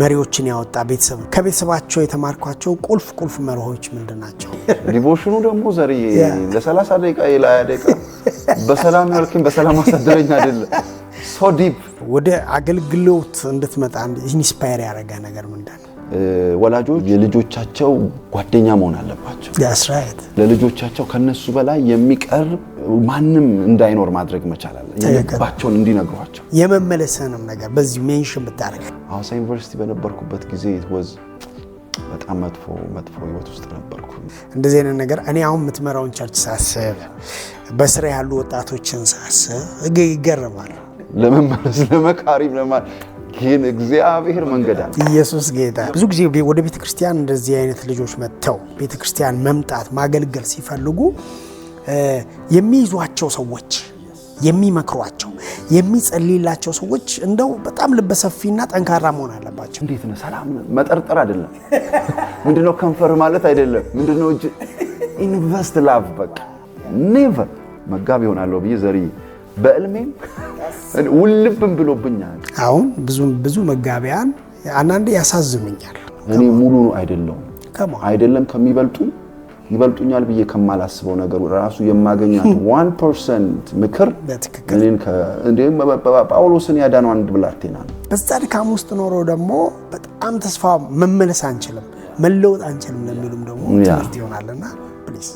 መሪዎችን ያወጣ ቤተሰብ ነው። ከቤተሰባቸው የተማርኳቸው ቁልፍ ቁልፍ መርሆች ምንድን ናቸው? ዲቮሽኑ ደግሞ ዘርዬ ለ30 ደቂቃ ለ ደቂቃ በሰላም ያልከኝ በሰላም አሳደረኝ አይደለም ሶ ዲፕ ወደ አገልግሎት እንድትመጣ ኢንስፓየር ያደረገ ነገር ምንድን ነው? ወላጆች የልጆቻቸው ጓደኛ መሆን አለባቸው። ለልጆቻቸው ከነሱ በላይ የሚቀርብ ማንም እንዳይኖር ማድረግ መቻል አለ። የልባቸውን እንዲነግሯቸው የመመለስንም ነገር በዚሁ ሜንሽን ብታደረግ ሐዋሳ ዩኒቨርሲቲ በነበርኩበት ጊዜ ወዝ በጣም መጥፎ መጥፎ ህይወት ውስጥ ነበርኩ። እንደዚህ አይነት ነገር እኔ አሁን የምትመራውን ቸርች ሳስብ፣ በስራ ያሉ ወጣቶችን ሳስብ ይገርማል። ለመመለስ ለመካሪም ለማ ይህን እግዚአብሔር መንገድ አለ። ኢየሱስ ጌታ። ብዙ ጊዜ ወደ ቤተክርስቲያን እንደዚህ አይነት ልጆች መጥተው ቤተክርስቲያን መምጣት ማገልገል ሲፈልጉ የሚይዟቸው ሰዎች የሚመክሯቸው የሚጸልላቸው ሰዎች እንደው በጣም ልበሰፊና ጠንካራ መሆን አለባቸው። እንዴት ነው ሰላም መጠርጠር አይደለም። ምንድነው ከንፈር ማለት አይደለም። ምንድነው እጅ ኢንቨስት ላቭ በቃ ኔቨር መጋቢ ይሆናለሁ ብዬ ዘሪ በእልሜም ውልብም ብሎብኛል። አሁን ብዙ ብዙ መጋቢያን አንዳንዴ ያሳዝኑኛል። እኔ ሙሉ አይደለሁም አይደለም ከሚበልጡ ይበልጡኛል ብዬ ከማላስበው ነገሩ ራሱ የማገኛት ዋን ፐርሰንት ምክር ጳውሎስን ያዳነው አንድ ብላቴና ነው። በዛ ድካም ውስጥ ኖሮ ደግሞ በጣም ተስፋ መመለስ አንችልም፣ መለወጥ አንችልም ለሚሉም ደግሞ ትምህርት ይሆናልና ፕሊዝ